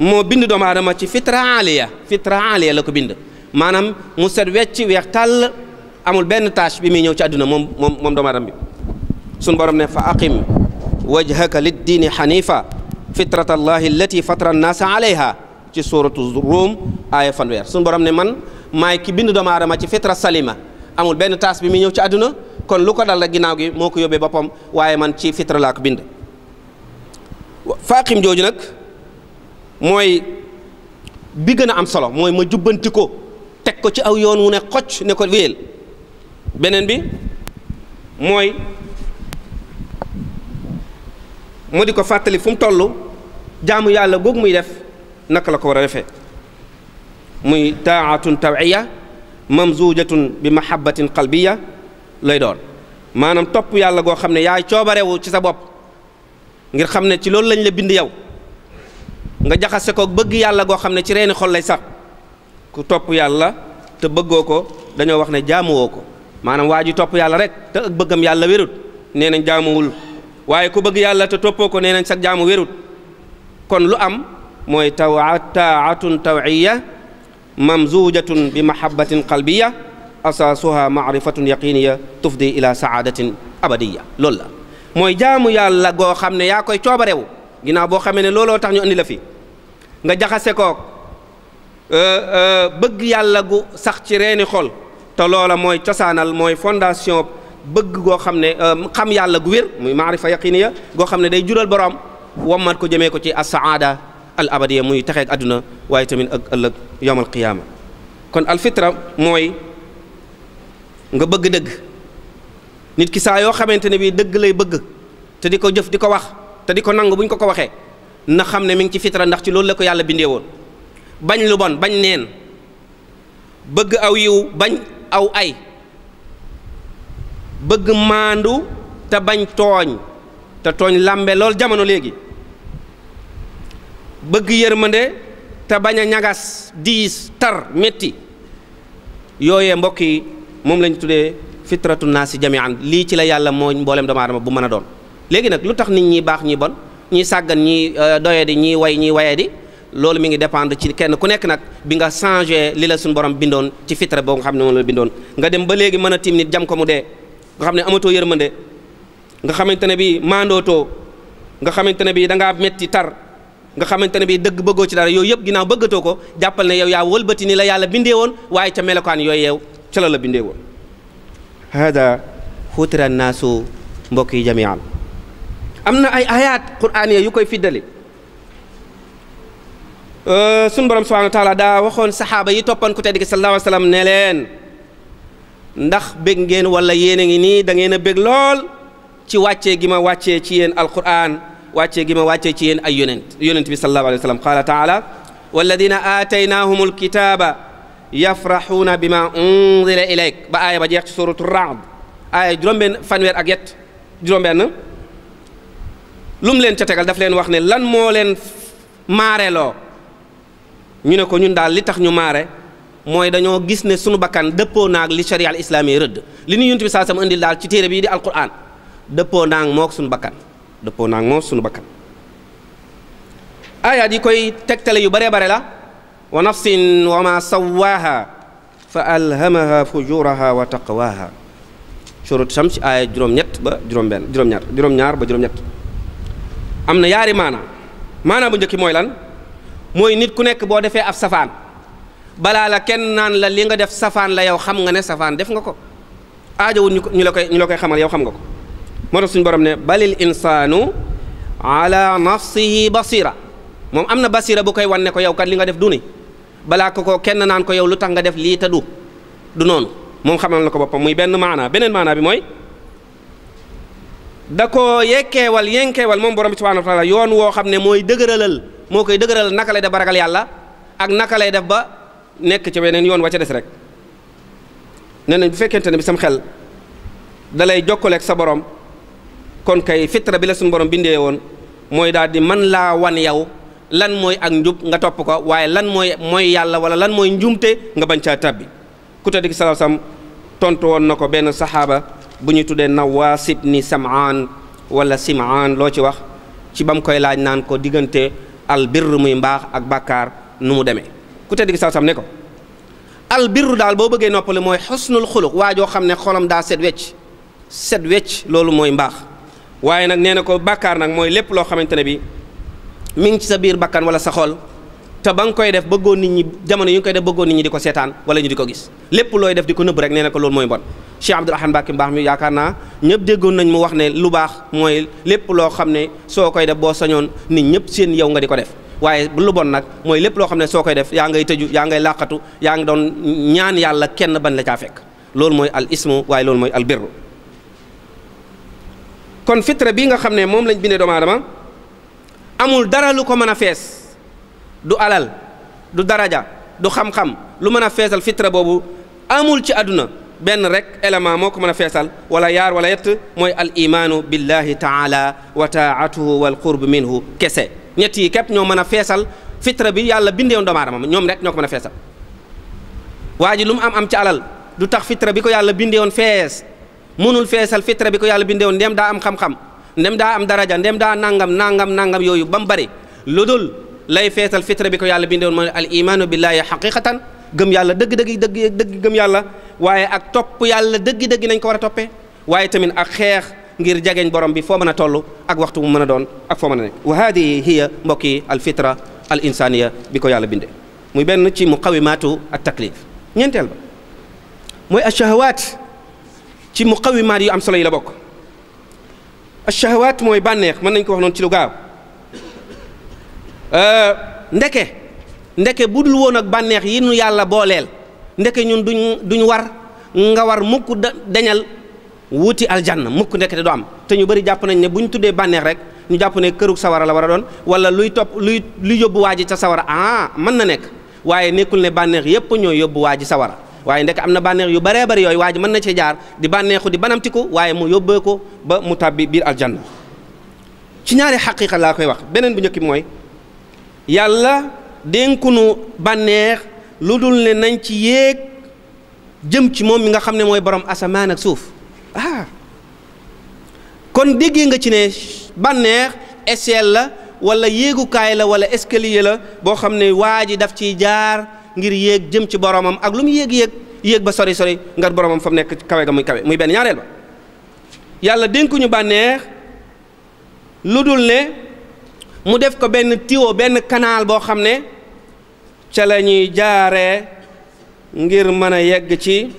moo bind doomu aadama ci fitra aliya fitra aliya la ko bind maanaam mu set wecc weex tàll amul benn tâche bi muy ñëw ci àdduna moom moom moom doomu aadama bi sun borom ne fa aqim wajhaka liddiini xanifa fitrata allahi allati fatara annaasa ci fanweer sun borom ne man maay ki bind doomu aadama ci fitra salima amul benn tâche bi muy ñëw ci àdduna kon lu ko dal ginaaw gi moo ko yóbbee boppam waaye man ci fitra laa ko bind fa aqim jooju nag mooy bi gën a am solo mooy ma jubbanti teg ko ci aw yoon wu ne xocc ne ko wéyal beneen bi mooy mu di ko fàttali fu mu toll jaamu yàlla googu muy def naka la ko war a defee muy taatun tawiya mamzujatun bi mahabbatin qalbiya lay doon maanaam topp yàlla goo xam ne yaay coobarewu ci sa bopp ngir xam ne ci loolu lañ la bind yow nga jaxase ko bëgg yàlla goo xam ne ci reeni xol lay sax ku topp yàlla te bëggoo ko dañoo wax ne jaamuwoo ko maanaam waa ji topp yàlla rek te ak bëggam yàlla wérut nee nañ jaamuwul waaye ku bëgg yàlla te toppoo ko nee nañ sax jaamu wérut kon lu am mooy tawa taatun tawiya mamzujatun bi mahabbatin qalbiya asaasuha maarifatun yaqiniya tufdi ila saadatin abadiya loolu la mooy jaamu yàlla goo xam ne yaa koy coobarewu ginnaaw boo xamee ne looloo tax ñu andi la fi nga jaxase kook euh, euh, bëgg yàlla gu sax ci reeni xol te loola mooy cosaanal mooy fondation bëgg goo xam ne euh, xam yàlla gu wér muy maarifa yaqiniya goo xam ne day jural borom wommat ko jëmee ko ci asaada al abadiya muy texeeg àdduna waaye tamit ak ëllëg yowmal qiyaama kon alfitra mooy nga bëgg dëgg nit ki saa yoo xamante ne bii dëgg lay bëgg te di ko jëf di ko wax te di ko nangu bu ñu ko ko waxee na xam ne mi ngi ci fitra ndax ci loolu la ko yàlla bindee woon bañ lu bon bañ neen bëgg aw yiw bañ aw ay bëgg maandu te bañ tooñ te tooñ làmbe loolu jamono léegi bëgg yërmande te bañ a ñagas diis tar métti yooyee mbokk yi moom lañ tuddee fitratu naasi jamian lii ci la yàlla mooy mboolem doomu aadama bu mën a doon léegi nag lu tax nit ñi baax ñi bon ñi sàggan ñi euh, doye di ñi way ñi waye di loolu mu ngi dépendre ci kenn ku nekk nag bi nga changé li la suñ borom bindoon ci fitra boo nga xam ne moom la bindoon nga dem ba léegi mën a tiim nit ko mu dee nga xam ne amatoo yërmande nga xamante ne bi maandootoo nga xamante ne bi da ngaa metti tar nga xamante ne bii dëgg bëggoo ci dara yooyu yëpp ginnaaw bëggatoo ko jàppal ne yow yaa wëlbati ni la yàlla bindee woon waaye ca melokaan yooyu yow ca la la bindee woon hada xutira naasu mbokk yi jamian am na ay ayaat quraan ya yu koy fiddali euh, suñu borom subhaanahu wa taala daa waxoon saxaaba yi toppan ku tedd ki sallallaahu alayhi wa sallam ne leen ndax bég ngeen wala yéen a ngi nii da ngeen a bég lool ci wàccee gi ma wàccee ci yéen alquran wàccee gi ma wàccee ci yéen ay yonent yonent bi sallallahu alayhi wa sallam qaala taala walladina aataynaahum alkitaaba yafraxuuna bi ma unzila ilayk ba aaya ba jeex ci suratu raad aaya juróom-benn fanweer ak yett juróom-benn lu mu leen ca tegal daf leen wax ne lan moo leen maareloo ñu ne ko ñun daal li tax ñu maare mooy dañoo gis ne suñu bakkan dëppoo naag li sharia al islaami rëdd li ñu yunt bi saa sama indil daal ci téere bii di al alquran dëppoo naag mook suñu bakkan dëppoo naag moo suñu bakkan aayaat yi koy tegtale yu bare bare la wa nafsin wa ma sawaaha fa alhamaha fujuraha wa taqwaha suratu shams aaya juróom-ñett ba juróom-benn juróom-ñaar juróom-ñaar ba juróom-ñett am na yaari maana maana bu njëkki mooy lan mooy nit ku nekk boo defee ab safaan balaa la kenn naan la li nga def safaan la yow xam nga ne safaan def nga ko aajowul ñu la koy ñu la koy xamal yow xam nga ko moo tax suñu borom ne balil insaanu ala nafsihi basira moom am na basira bu koy wan ne ko yow kat li nga def du ni balaa ko ko kenn naan ko yow lu tax nga def lii te du du noonu moom xamal na ko boppam muy benn maana beneen maana bi mooy da koo yekkeewal yenkeewal moom borom bi subhanahu wa taala yoon woo xam ne mooy dëgëralal moo koy dëgëralal naka lay def ba ragal yàlla ak naka lay def ba nekk ci weneen yoon wa ca des rek ne nañ bu fekkente ne bi sam xel dalay lay jokkaleeg sa borom kon kay fitra bi la suñu borom bindee woon mooy daal di man laa wan yow lan mooy ak njub nga topp ko waaye lan mooy mooy yàlla wala lan mooy njumte nga bañ caa tàbbi ku tëdd ki salaam tontu woon na ko benn saxaaba bu ñu tuddee Nawaas ni Sam'aan wala Sim'aan loo ci wax ci ba mu koy laaj naan ko diggante albirru muy mbaax ak bàkkaar nu mu demee ku tedd gi saw sam ne ko albirru daal boo bëggee noppale mooy xusnul xuluq waa joo xam ne xolam daa set wecc set wecc loolu mooy mbaax waaye nag nee na ko bàkkaar nag mooy lépp loo xamante ne bi mi ngi ci sa biir bakkan wala sa xol te ba nga koy def bëggoon nit ñi jamono yi nga koy def bëggoon nit ñi di ko seetaan wala ñu di ko gis lépp looy def di ko nëbb rek nee na ko loolu mooy bon Cheikh Abdoul Ahad Mbacké mbaax mi yaakaar naa ñëpp déggoon nañ mu wax ne lu baax mooy lépp loo xam ne soo koy def boo sañoon nit ñëpp seen yow nga di ko def waaye lu bon nag mooy lépp loo xam ne soo koy def yaa ngay tëju yaa ngay làqatu yaa ngi doon ñaan yàlla kenn ban la caa fekk loolu mooy al ismu waaye loolu al birru kon bi nga xam ne moom lañ bindee doomu aadama amul dara lu ko mën a fees du alal du daraja du xam-xam lu mën a feesal fitra boobu amul ci àdduna benn rek élément moo ko mën a feesal wala yaar walla yet mooy al imaanu billahi taala wa taatuhu wal qurb minhu kese ñett yi ñoo mën a feesal fitra bi yàlla bindeewoon doomu aadama ñoom rek ñoo ko a feesal waa ji lu mu am am ci alal du tax fitra bi ko yàlla bindee bindeewoon fees mënul feesal fitra bi ko yàlla bindeewoon ndem daa am xam-xam ndem daa am daraja ndem daa nangam nangam nangam yooyu ba mu bari lay feetal fitra bi ko yàlla bindoon mooy al imaanu billaahi xaqiqatan gëm yàlla dëgg dëgg dëgg dëgg gëm yàlla waaye ak topp yàlla dëgg dëgg nañ ko war a toppe waaye tamit ak xeex ngir jageeñ borom bi foo mën a toll ak waxtu mu mën a doon ak foo mën a nekk wa mbokk yi al fitra al ko yàlla bindee muy benn ci muqawimaatu at taklif ñeenteel ba mooy achahawaat ci muqawimaat yu am solo la bokk achahawaat mooy bànneex mën nañ ko wax noonu ci lu Euh, ndeke ndeke bu dul woon ak bànneex yi nu yàlla booleel ndeke ñun duñ duñ war nga war mukk da dañal wuti aljanna mukk ndeke te du am te ñu bari jàpp nañ ne bu ñu tuddee bànneex rek ñu jàpp ne kërug sawara la war a doon wala luy topp luy luy yóbbu waa ji ca sawara ah mën na nekk waaye nekkul ne bànneex yépp ñoo yóbbu waa sawara waaye ndek am na bànneex yu bëree bëri yooyu waa mën na cee jaar di bànneexu di banamtiku waaye mu yóbbee ko ba mu tàbbi biir aljanna ci ñaari xaqiqa laa koy wax beneen bu njëkk mooy yàlla dénkunu bànneex lu dul ne nañ ci yéeg jëm ci moom mi nga xam ne mooy borom asamaan ak suuf ah. kon déggee nga ci ne bànneex échelle la walla yéegukaay la wala escalier la boo xam ne waa ji daf ciy jaar ngir yéeg jëm ci boromam ak lu mu yéeg yéeg yéeg ba sori sori ngar boromam fa mu nekk kawe ga muy kawe muy benn ñaareel ba yàlla dénkuñu bànneex lu dul ne. mu def ko benn tuyau benn canal boo xam ne ca la ñuy jaaree ngir mën a yegg ci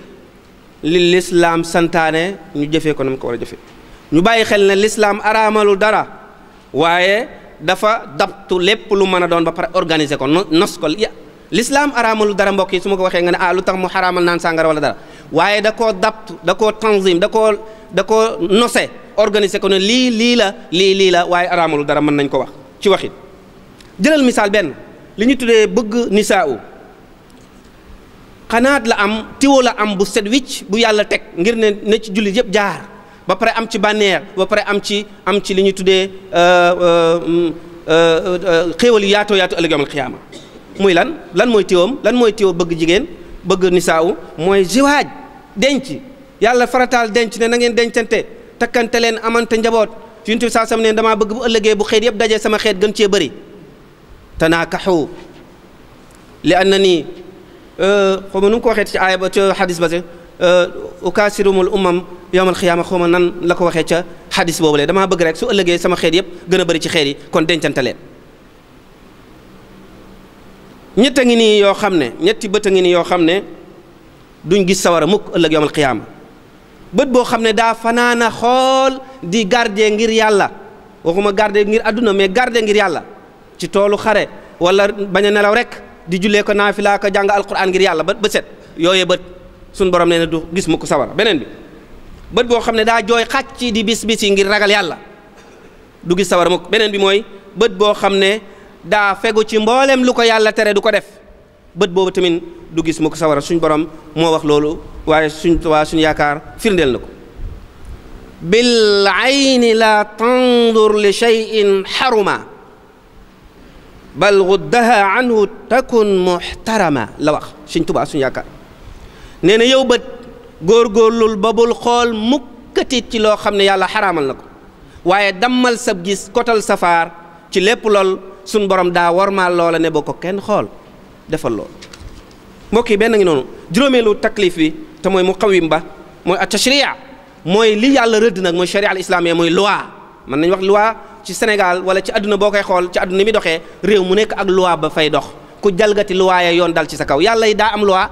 li lislaam santaane ñu jëfee ko nam ko war a jëfe ñu bàyyi xel ne lislaam araamalu dara waaye dafa dabtu lépp lu mën a doon ba pare organiser ko nos ko lislaam araamalu dara mbokk yi su ma ko waxee nga ne ah lu tax mu xaraamal naan sàngara wala dara waaye da koo dapt da koo tanzim da koo da koo nose organiser ko ne lii lii la lii lii la waaye araamalu dara mën nañ ko wax ci waxit jëlal misaal benn li ñu tuddee bëgg nisaaw xanaat la am tiwo la am bu set wicc bu yàlla teg ngir ne ne ci jullit yëpp jaar ba pare am ci bànneex ba pare am ci am ci li ñu tuddee euh, euh, euh, xéewal yu yaatoo yaatoo ëllëg yawmal xiyaama muy lan lan mooy tiwam lan mooy tiwo bëgg jigéen bëgg nisaaw mooy ziwaaj denc yàlla farataal denc ne na ngeen dencante takkante leen amante njaboot yonent bi saa sam damaa bëgg bu ëllëgee bu xeet yëpp dajee sama xeet gën cee bëri tanaakaxu li anna nii euh, xaw ma nu mu ko waxee ci aaya ba ca xadis ba se euh, ukaasirumul umam yowmal xiyaama xaw ma nan la ko waxee ca xadis boobu le damaa bëgg rek su ëllëgee sama xeet yëpp gën a bëri ci xeet kon dencante leen ñett ngi nii yoo xam ne ñetti bët a ngi nii yoo xam ne duñ gis sawara mukk ëllëg yowmal xiyaama bët boo xam ne daa fanaana xool di garder ngir yàlla waxuma garder ngir àdduna mais garde ngir yàlla ci toolu xare wala bañ a nelaw rek di jullee ko naafilaa ko jàng alquran ngir yàlla bët ba set yooyee bët suñ borom nee na du gis mu ko sawara beneen bi bët boo xam ne daa jooy ci di bis bis yi ngir ragal yàlla du gis sawara mukk beneen bi mooy bët boo xam ne daa fegu ci mboolem lu ko yàlla tere du ko def bët boobu tamit du gis mu ko sawara suñ borom moo wax loolu waaye suñ waa suñ yaakaar firndeel na ko bil ayni la tandur li cheyin xaruma bal guddaha anhu takun muxtarama la wax suñ tubaa suñ yaakaar nee na yow bët góorgóorlul ba bul xool mukkatit ci loo xam ne yàlla xaraamal na ko waaye dammal sab gis kotal safaar ci lépp lool suñ borom daa war warmaal loola ne boo ko kenn xool defal loolu mbokk yi benn ngi noonu juróomeelu taklif bi te mooy mu muqawim ba mooy at tashriya mooy li yàlla rëdd nag mooy sharia al islamiyya mooy loi mën nañu wax luwaa ci Sénégal wala ci àdduna boo koy xool ci àdduna muy doxee réew mu nekk ak loi ba fay dox ku jalgati loi ya yoon dal ci sa kaw yàlla yi daa am loi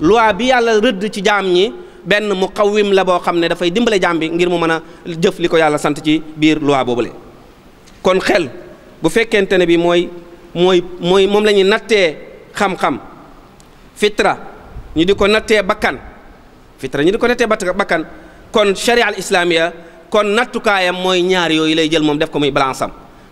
loi bi yàlla rëdd ci jaam ñi benn mu muqawim la boo xam ne dafay dimbale jaam bi ngir mu mën a jëf li ko yàlla sant ci biir loi boobule kon xel fekkente ne bi mooy mooy moom la ñuy xam-xam fitra ñu di ko nattee bakkan fitra ñu di ko nattee bakkan kon sharia al kon nattukaayam mooy ñaar yooyu lay jël moom def ko muy balance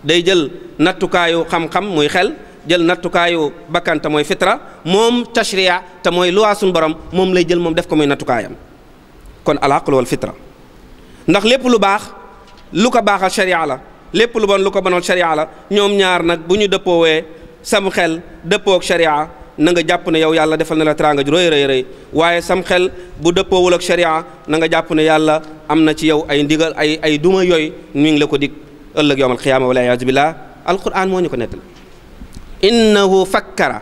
day jël nattukaayu xam-xam muy xel jël nattukaayu bakkan te mooy fitra moom tashriya te mooy luwaa suñu borom moom lay jël moom def ko muy nattukaayam kon al aql wal fitra ndax lépp lu baax lu ko baaxal sharia la lépp lu bon lu ko bonal sharia la ñoom ñaar nag bu ñu dëppoowee sam xel dëppoo ak sharia na nga jàpp ne yow yàlla defal na la teraanga ju rëy rëy waaye sam xel bu dëppoowul ak sharia na nga jàpp ne yàlla am na ci yow ay ndigal ay ay duma yooyu mi ngi la ko dig ëllëg yowmal xiyaama wala iyaazu billah alquran moo ñu ko nettali innahu fakkara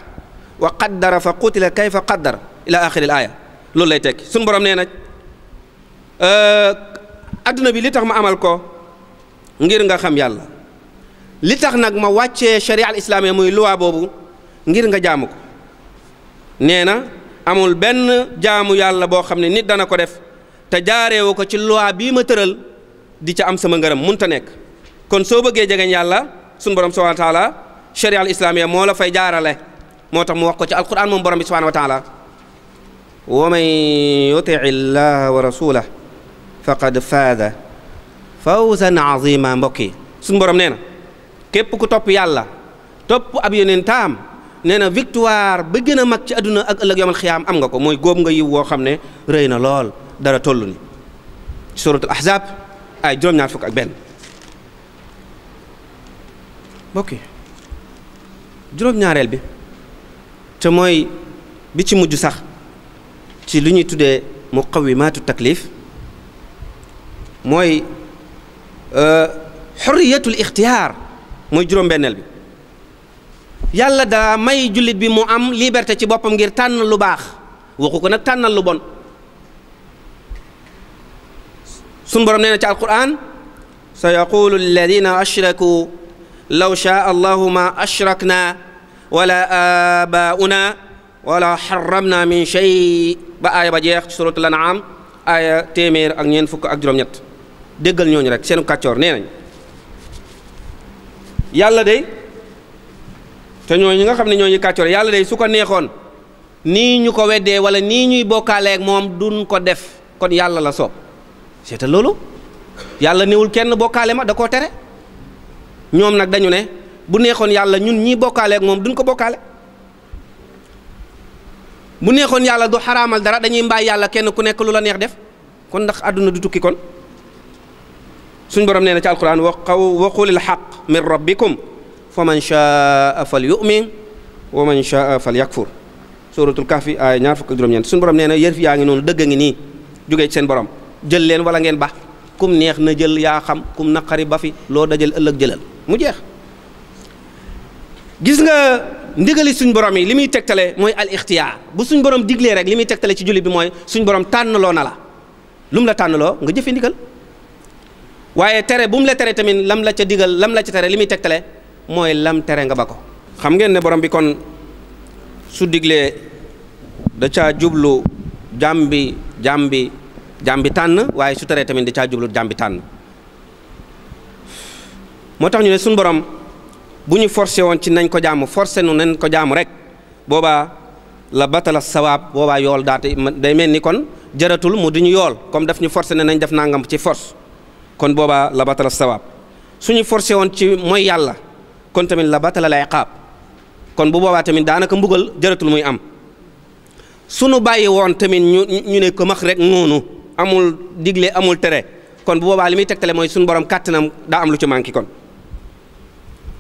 wa qaddara fa qutila kayfa qaddara ila axiri aaya loolu lay tekki suñu borom nee na euh, adduna bi li tax ma amal ko ngir nga xam yàlla li tax nag ma wàccee sharia al islaamia muy luwaa boobu ngir nga jaamu ko nee na amul benn jaamu yàlla boo xam ne nit dana ko def te jaareewu ko ci luwaa bii ma tëral di ci am sama ngërëm munta nekk kon soo bëggee jegeñ yàlla sunu borom subhanahu wa taala sharia al moo la fay jaarale moo tax mu wax ko ci alquran moom borom bi subhanahu wa taala wa man yutii llaha wa rasulah faqad faada fawzan azima mbokk yi sunu borom nee na képp ku topp yàlla topp ab yonentam nee na victoire ba gën a mag ci àdduna ak ëllëg yomal xiyaam am nga ko mooy góob nga yiw woo xam ne rëy na lool dara toll ni suratul ahzab ay juróom benn bokki juróom-ñaareel bi te mooy bi ci mujj sax ci li ñuy tuddee muqawimaatu taklif mooy euh, xurriyatul ixtiyaar muy juróom-benneel bi yàlla daa may jullit bi mu am liberté ci boppam ngir tànn lu baax waxu ko nag tànnal lu bon sunu borom nee na ci alquran sa yaqulu alladina ashraku law shaa allahu ma ashrakna wala abauna wala xaramna min shay ba aaya ba jeex ci suratul an'am aaya téeméer ak ñeent fukk ak juróom-ñett déggal ñooñu rek seenu kàccoor nee nañ yàlla day te ñooñu nga xam ne ñooñu kàccoor yàlla day su ko neexoon nii ñu ko weddee wala nii ñuy bokkaaleeg moom duñ ko def kon yàlla la soob seetal loolu yàlla newul kenn bokkaale ma da koo tere ñoom nag dañu ne bu neexoon yàlla ñun ñii bokkaaleeg moom duñ ko bokkaale bu neexoon yàlla du xaraamal dara dañuy mbaay yàlla kenn ku nekk lu la neex def kon ndax àdduna du tukki kon suñ borom nee na ci alquran wa qaw wa qulil xaq min rabbikum fa man shaa fal yu'min wa man shaa fal yakfur suratul kahfi ay ñaar fukk ak juróom-ñeent suñu borom nee na fi yaa ngi noonu dëgg a ngi nii jógee seen borom jël leen wala ngeen bax kum neex na jël yaa xam kum naqari ba fi loo dajal ëllëg jëlal mu jeex gis nga ndigali suñ borom yi li muy tegtale mooy al ixtiyaar bu suñ borom diglee rek li muy tegtale ci julli bi mooy suñ borom tànn tànnaloo na la lu la tànnaloo nga jëfe waaye tere bu mu la tere tamit lam la ca digal lam la ca tere li muy tegtale mooy lam tere nga ba ko xam ngeen ne borom bi kon su diglee da caa jublu jàmm bi jàmm bi jàmm bi tànn waaye su teree tamit da caa jublu jàmm bi tànn moo tax ñu ne suñu borom bu ñu forcé woon ci nañ ko jàmm forcé nu nañ ko jàmm rek boobaa la batala sawaab boobaa yool daate day mel ni kon jaratul mu du ñu yool comme daf ñu forcé ne nañ def nangam ci force kon boobaa la batala sawaab suñu forcé woon ci mooy yàlla kon tamit la batala la iqaab kon bu boobaa tamit daanaka mbugal jaratul muy am suñu bàyyi woon tamit ñu ñu ne ko max rek noonu amul digle amul tere kon bu boobaa li muy tegtale mooy suñu borom kàttanam daa am lu ci manqué kon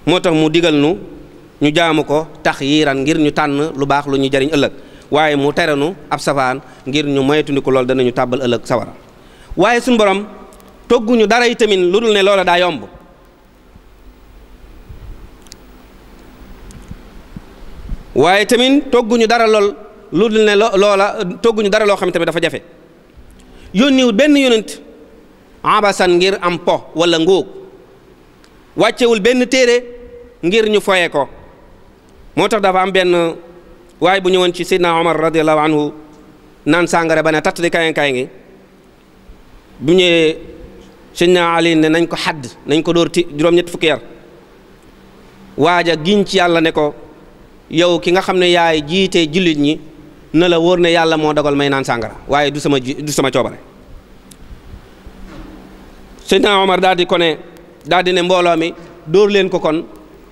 moo tax mu digal nu ñu jaamu ko tax yiiran ngir ñu tànn lu baax lu ñu jariñ ëllëg waaye mu terenu ab safaan ngir ñu moytu ko loolu danañu tàbbal ëllëg sawara waaye suñu togguñu dara tamit lu dul ne loola daa yomb waaye tamit togguñu dara lool lu dul ne loola togguñu dara loo xam ne tamit dafa jafe yónniwut benn yónent abasan ngir am po wala ngóog wàccewul benn téere ngir ñu foye ko moo tax dafa am benn waaye bu ñëwoon ci Seydina Omar radiallahu anhu naan sàngara ba ne tatt di kayankaay ngi bu ñëwee naa Ali ne nañ ko xadd nañ ko dóor ti juróom-ñett fukki yar waaja giñ ci yàlla ne ko yow ki nga xam ne yaay jiite jullit ñi na la wóor ne yàlla moo dogal may naan sàngara waaye du sama ji du sama coobare Seydina Omar daal di ko ne daal di ne mbooloo mi dóor leen ko kon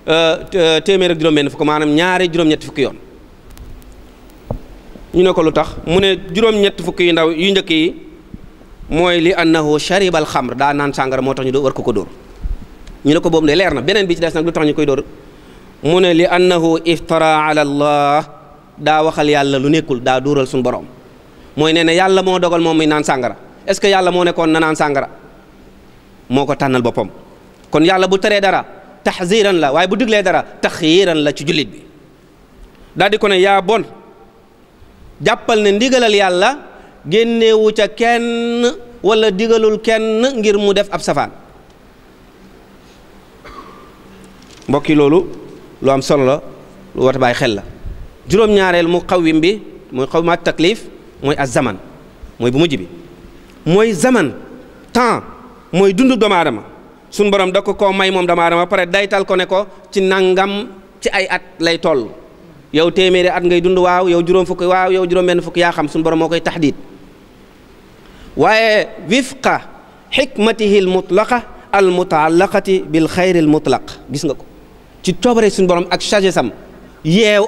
euh, euh, téeméer ak juróom-benn fukk maanaam ñaari juróom-ñett fukki yoon ñu ne ko lu tax mu ne juróom-ñett fukki yu ndaw yu njëkk yi mooy li annahu sharibal xamr daa naan sàngara moo tax ñu doo war ko ko door ñu ne ko boobu de leer na beneen bi ci des nag lu tax ñu koy dóor mu ne li annahu iftara ala allah daa waxal yàlla lu nekkul daa duural suñu borom mooy nee na yàlla moo dogal moom muy naan sàngara est ce que yàlla moo nekkoon na naan sàngara moo ko tànnal boppam kon yàlla bu teree dara taxziran la waaye bu diglee dara taxyiran la ci jullit bi daal di ko yaa bon jàppal ne ndigalal yàlla génnewu ca kenn wala digalul kenn ngir mu def ab safaan mbokki loolu lu am solo la lu war xel la juróom-ñaareel mu xaw yim bi muy xaw ma taklif mooy ak zaman mooy bu mujj bi mooy zaman temps mooy dund doomu aadama suñ borom da ko koo may moom doomu aadama pare daytal ko ne ko ci nangam ci ay at lay toll yow téeméeri at ngay dund waaw yow juróom fukki waaw yow juróom benn fukki yaa xam suñu borom moo koy taxdiit waaye wifqa xikmatihi l mutlaqa bi mutaallaqati bil xayri gis nga ko ci coobare suñu borom ak sagesse am yeew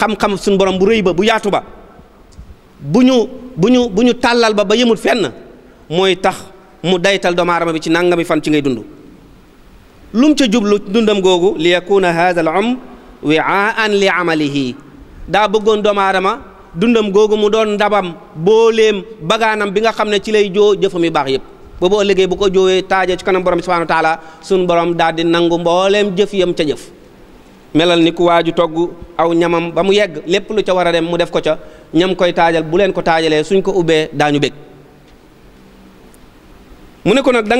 xam-xam suñu borom bu rëy ba bu yaatu ba bu ñu bu ñu tàllal ba ba yëmul fenn mooy tax mu daytal doomu aadama bi ci nangami fan ci ngay dund lum ca jublu dundam googu li yakuna hada al um wiaan li amalihi daa bëggoon doomu aadama dundam googu mu doon ndabam booleem bagaanam bi nga xam ne ci lay joo jëfam yu baax yëpp boobu ëllëgee bu ko joowee taajee ci kanam borom bi subhanahu wa taala suñ borom daal di nangu mbooleem jëf yam ca jëf melal ni ku waaju togg aw ñamam ba mu yegg lépp lu ca war a dem mu def ko ca ñam koy taajal bu leen ko taajalee suñ ko ubbee daañu bég mu ne ko nag da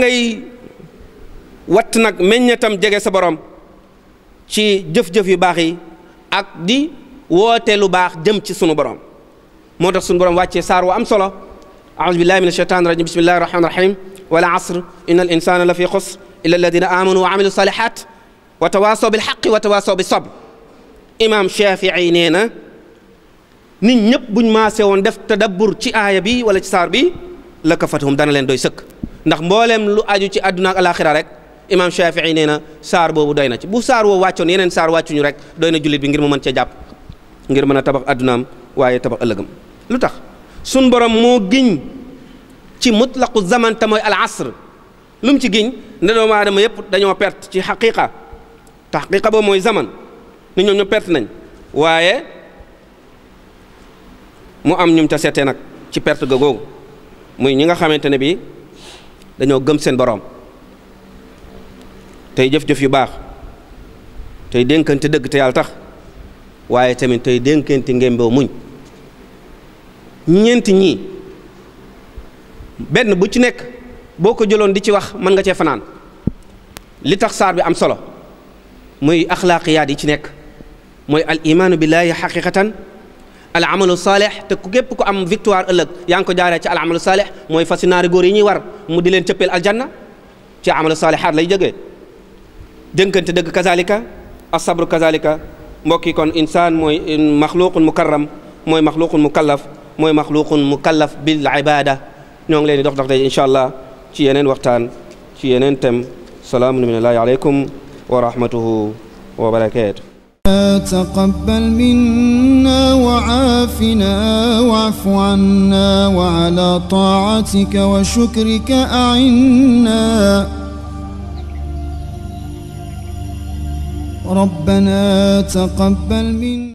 watt nag meññetam jege sa borom ci jëf yu baax yi ak di woote lu baax jëm ci sunu borom moo tax suñu borom wàccee saar wa am solo aouzu billahi min asheytan rajim bismillahi rahmani rahim wal asr inna al insana la fi xusr illa alladina amanu wa amilu salihat wa tawasaw bil xaqi wa tawasaw bi sabr imam Shafii nee na nit ñëpp buñ maase woon def tadabbur ci aaya bi wala ci saar bi la kafathum dana leen doy sëkk ndax mbooleem lu aju ci àdduna ak alaxira rek imam Shafii nee na saar boobu doy na ci bu saar woo wàccoon yeneen saar wàccuñu rek doy na jullit bi ngir mu mën cee jàpp ngir mën a tabax addunaam waaye tabax ëllëgam lu tax suñ borom moo giñ ci mutlaqu zaman te mooy al asr lu ci giñ ne doomu aadama yëpp dañoo perte ci xaqiqa te xaqiqa boobu mooy zaman ni ñoom ñu perte nañ waaye mu am ñum ca seetee nag ci perte ga googu muy ñi nga xamante ne bii dañoo gëm seen boroom tey jëf-jëf yu baax tey dénkante dëgg te yàlla tax waaye tamit tey dénkante ngémbew muñ ñeent ñi benn bu ci nekk boo ko jëloon di ci wax mën nga cee fanaan li tax saar bi am solo muy axlaaqiyaat yi ci nekk mooy al imaanu billaahi xaqiqatan al amalu saalix te ku képp ku am victoire ëllëg yaa ngi ko jaaree ci al amalu saalix mooy fas naari góor yi ñuy war mu di leen cëppeel aljanna ci amalu saalixaat lay jógee dénkante dëgg kazalika asabru kazalika mbokk yi kon insaan mooy maxluqun mukarram mooy maxluqun mukallaf mooy maxluqun mukallaf bil ibada ñoo ngi leen di dox dox tey incha allah ci yeneen waxtaan ci yeneen tem salaamun minallaahi aleykum wa rahmatuhu wa barakaatu تقبل منا وعافنا واعف عنا وعلى طاعتك وشكرك أعنا ربنا تقبل منا